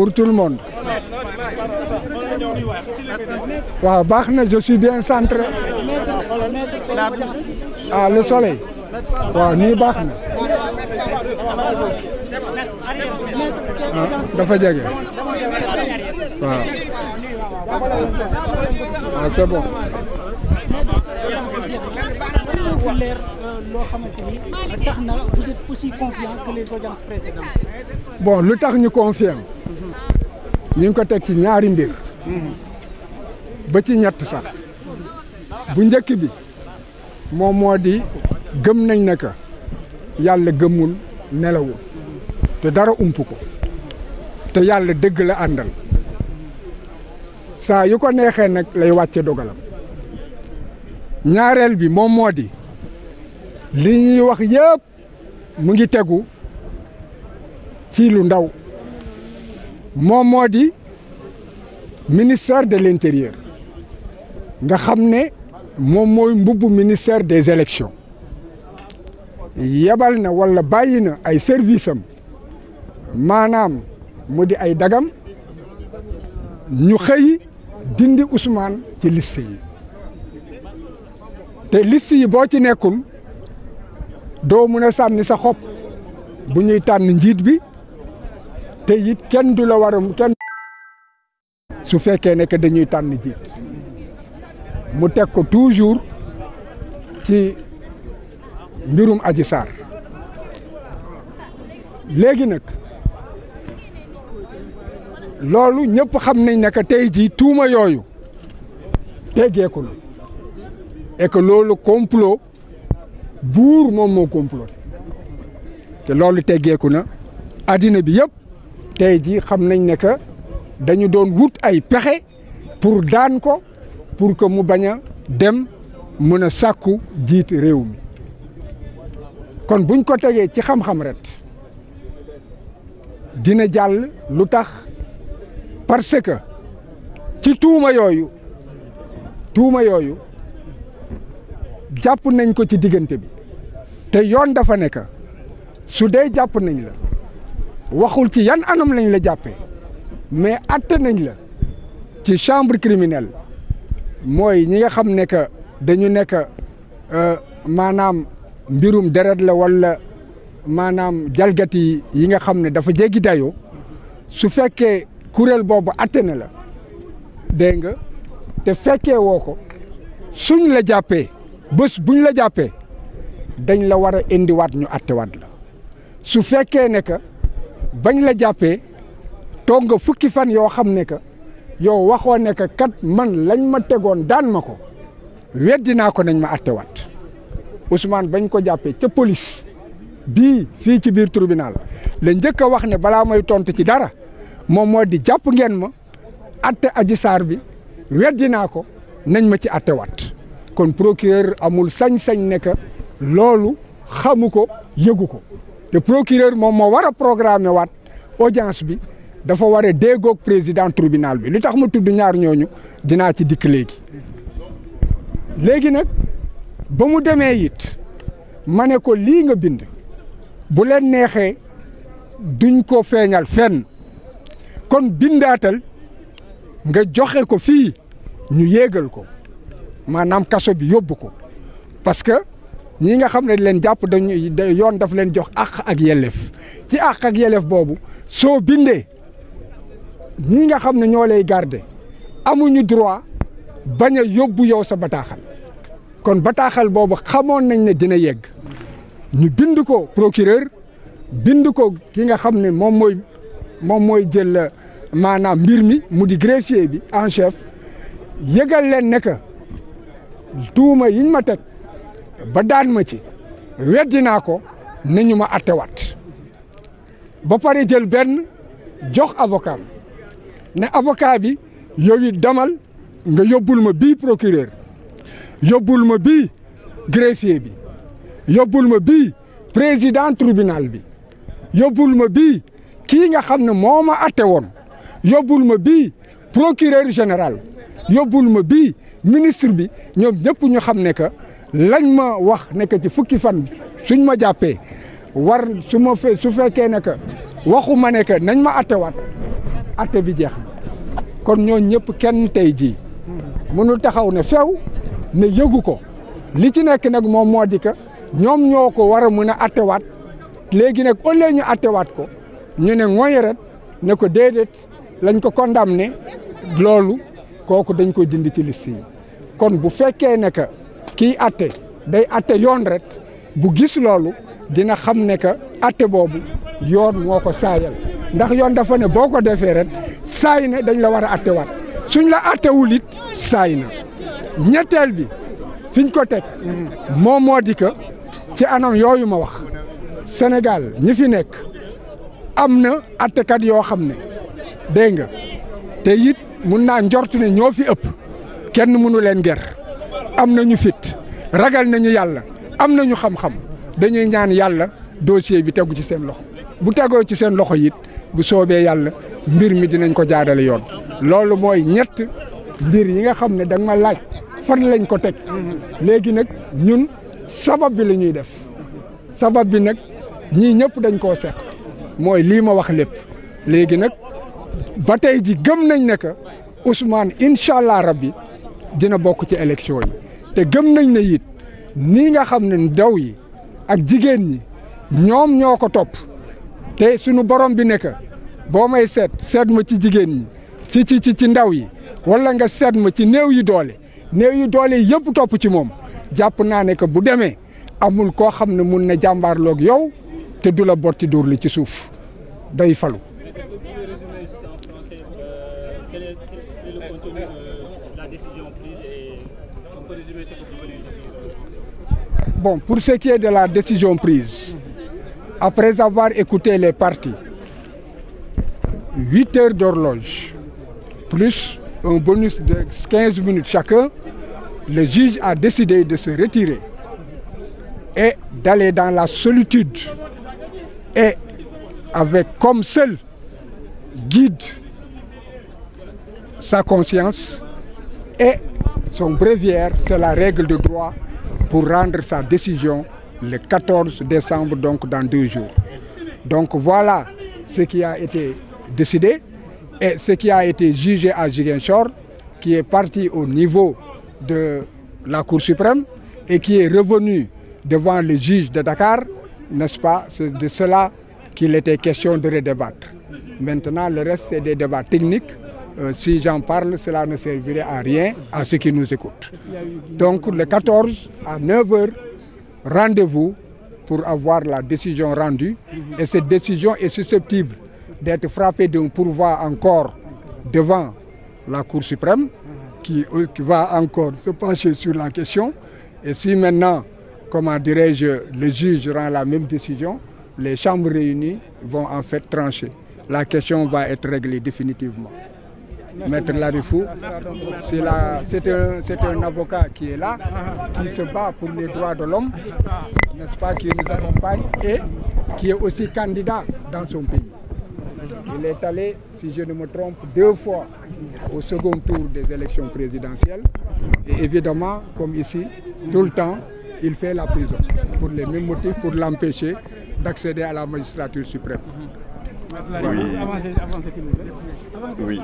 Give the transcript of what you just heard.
pour tout le waaw baax na je suis bien centré. ah le soleil. waaw nii baax na. Ah, dafa jege. waaw. ah bon. fi leer ni tax bon lu tax ñu confiant. ñu ko teg ci ñaari mbir ba ci ñett sax bu njëkk bi moom moo di gëm nañ ne ko yàlla gëmul nelawul te dara ump ko te yàlla dëgg la àndal saa yu ko neexee nag lay wàcce dogalam ñaareel bi moom di li ñuy wax yëpp mu ngi tegu ci lu ndaw moom moo di ministère de l'intérieur nga xam ne moom mooy mbubb ministère des élections yebal na wala bàyyi na ay service maanaam mu di ay dagam ñu xëy dindi Ousmane ci liste yi te liste yi boo ci nekkul doo mën a sànni sa xob bu ñuy tànn njiit bi te it kenn du la waram kenn su fekkee ne que dañuy tànn jiit mu teg ko toujours ci mbirum aji Sarr léegi nag loolu ñëpp xam nañ ne que tey jii tuuma yooyu teggeekul et que loolu complot buur moom moo comploté te loolu teggeeku na addina bi yëpp tey jii xam nañ ne que dañu doon wut ay pexe pour daan ko pour ko mu bañ a dem mën a sàkku jiit réew mi kon buñ ko tegee ci xam-xam ret dina jàll lu tax parce que ci tuuma yooyu tuuma yooyu jàpp nañ ko ci diggante bi te yoon dafa nekk su dee jàpp nañ la waxul ci yan anam lañ la jàppee mais atte la ci chambre criminelle mooy ñi nga xam ne que dañu nekk euh, maanaam mbirum deret la walla maanaam jalgati yi nga xam ne dafa jéggi dayoo su fekkee kuréel boobu atte la dégg nga te fekkee woo ko suñ la jàppee bés buñ la jàppee dañ la war a indiwaat ñu attewaat la su fekkee ne bañ la jàppee toog nga fukki fan yoo xam ne que yow waxoo ne que kat man lañ ma tegoon daan ma ko weddi naa ko nañ ma attewaat Ousmane bañ ko jàppee ca police bii fii ci biir tribunal la njëkk a wax ne balaa mooy tontu ci dara moom moo di jàpp ngeen ma atte ajisaar bi weddi naa ko nañ ma ci attewaat kon procureur amul sañ-sañ ne que loolu xamu ko yëgu ko te procureur moom moo war a programmer waat audience bi dafa war a déggoog président tribunal bi li tax ma tudd ñaar ñooñu dinaa ci dikk léegi. léegi nag ba mu demee it ma ne ko lii nga bind bu leen neexee duñ ko feeñal fenn kon bindaatal nga joxe ko fii ñu yéegal ko maanaam kaso bi yóbbu ko parce ñii nga xam ne leen jàpp dañuy yoon dafa leen jox àq ak yelleef ci àq ak yelleef boobu soo bindee ñii nga xam ne ñoo lay garder amuñu droit bañ a yóbbu yow sa bataaxal kon bataaxal boobu xamoon nañ ne dina yegg ñu bind ko procureur bind ko ki nga xam ne moom mooy moom mooy jël euh, maanaam mbir mi mu di greffier bi en chef yëgal leen ne que tuuma yiñ ma teg. ba daan ma ci weddi naa ko nañu ma attewaat ba pare jël benn jox avocat ne avocat bi yow it nga yóbbul ma bii procureur yóbbul ma bii greffier bi yóbbul ma bii président tribunal bi yóbbul ma bii kii nga xam ne moo ma atte woon yóbbul ma bii procureur général yóbbul ma bii ministre bi ñoom ñëpp ñu xam ne ka lañ ma wax nekk ci fukki fan suñ ma jàppee war su ma fe su fekkee ne que ma ne que nañ ma attewaat atte bi jeex kon ñoo ñëpp kenn tey jii mënul taxaw ne feew ne yëgu ko li ci nekk nag moom moo di que ñoom ñoo ko war a mën a attewaat léegi nag au lieu ñu attewaat ko ñu ne ŋoyeret ne ko déedéet lañ ko ne loolu kooku dañ ko dindi ci liste kon bu fekkee ne que kii atte day atte yoon rek bu gis loolu dina xam ne que atte boobu yoon moo ko saayal ndax yoon dafa ne boo ko defee rek saay na dañ la war a attewaat suñ la attewul it saay na ñetteel bi fiñ ko teg moom moo di que ci anam yooyu ma wax Sénégal ñi fi nekk am na attekat yoo xam ne dégg nga te it mun naa njortu ne ñoo fi ëpp kenn mënu leen ger am na ñu fit ragal nañu yàlla am nañu xam-xam dañuy ñaan yàlla dossier bi tegu ci seen loxo bu tegoo ci seen loxo yit bu soobee yàlla mbir mi dinañ ko jaarale yoon loolu mooy ñett mbir yi nga xam ne da ma laaj fan lañ ko teg léegi nag ñun sabab bi la ñuy def sabab bi nag ñii ñëpp dañ koo seq mooy lii ma wax lépp léegi nag ba tey ji gëm nañ ne que Ousmane incha allah rabbi dina bokk ci élection yi te gëm nañ ne it nii nga xam ne ndaw yi ak jigéen ñi ñoom ñoo ko topp te sunu borom bi nekk boo may seet seet ma ci jigéen ñi ci ci ci ci ndaw yi wala nga seet ma ci néew yi doole néew yi doole yëpp topp ci moom jàpp naa ne que bu demee amul koo xam ne mun na jàmbaarloog yow te du la bor ci dóor li ci suuf day falu Bon, pour ce qui est de la décision prise, après avoir écouté les partis, 8 heures d'horloge, plus un bonus de 15 minutes chacun, le juge a décidé de se retirer et d'aller dans la solitude et avec comme seul guide sa conscience et son bréviaire, c'est la règle de droit pour rendre sa décision le 14 décembre, donc dans deux jours. Donc voilà ce qui a été décidé et ce qui a été jugé à Ziguinchor, qui est parti au niveau de la Cour suprême et qui est revenu devant le juge de Dakar, n'est-ce pas C'est de cela qu'il était question de redébattre. Maintenant, le reste, c'est des débats techniques Euh, si j'en parle, cela ne servirait à rien à ceux qui nous écoutent. Donc le à 9h, rendez-vous pour avoir la décision rendue. Et cette décision est susceptible d'être frappée d'un pourvoi encore devant la Cour suprême qui, euh, qui va encore se pencher sur la question. Et si maintenant, comment dirais-je, le juge rend la même décision, les chambres réunies vont en fait trancher. La question va être réglée définitivement. Maître Larifou. C'est un, un, avocat qui est là, qui se bat pour les droits de l'homme, n'est-ce pas, qui nous accompagne et qui est aussi candidat dans son pays. Il est allé, si je ne me trompe, deux fois au second tour des élections présidentielles. Et évidemment, comme ici, tout le temps, il fait la prison pour les mêmes motifs, pour l'empêcher d'accéder à la magistrature suprême. Oui.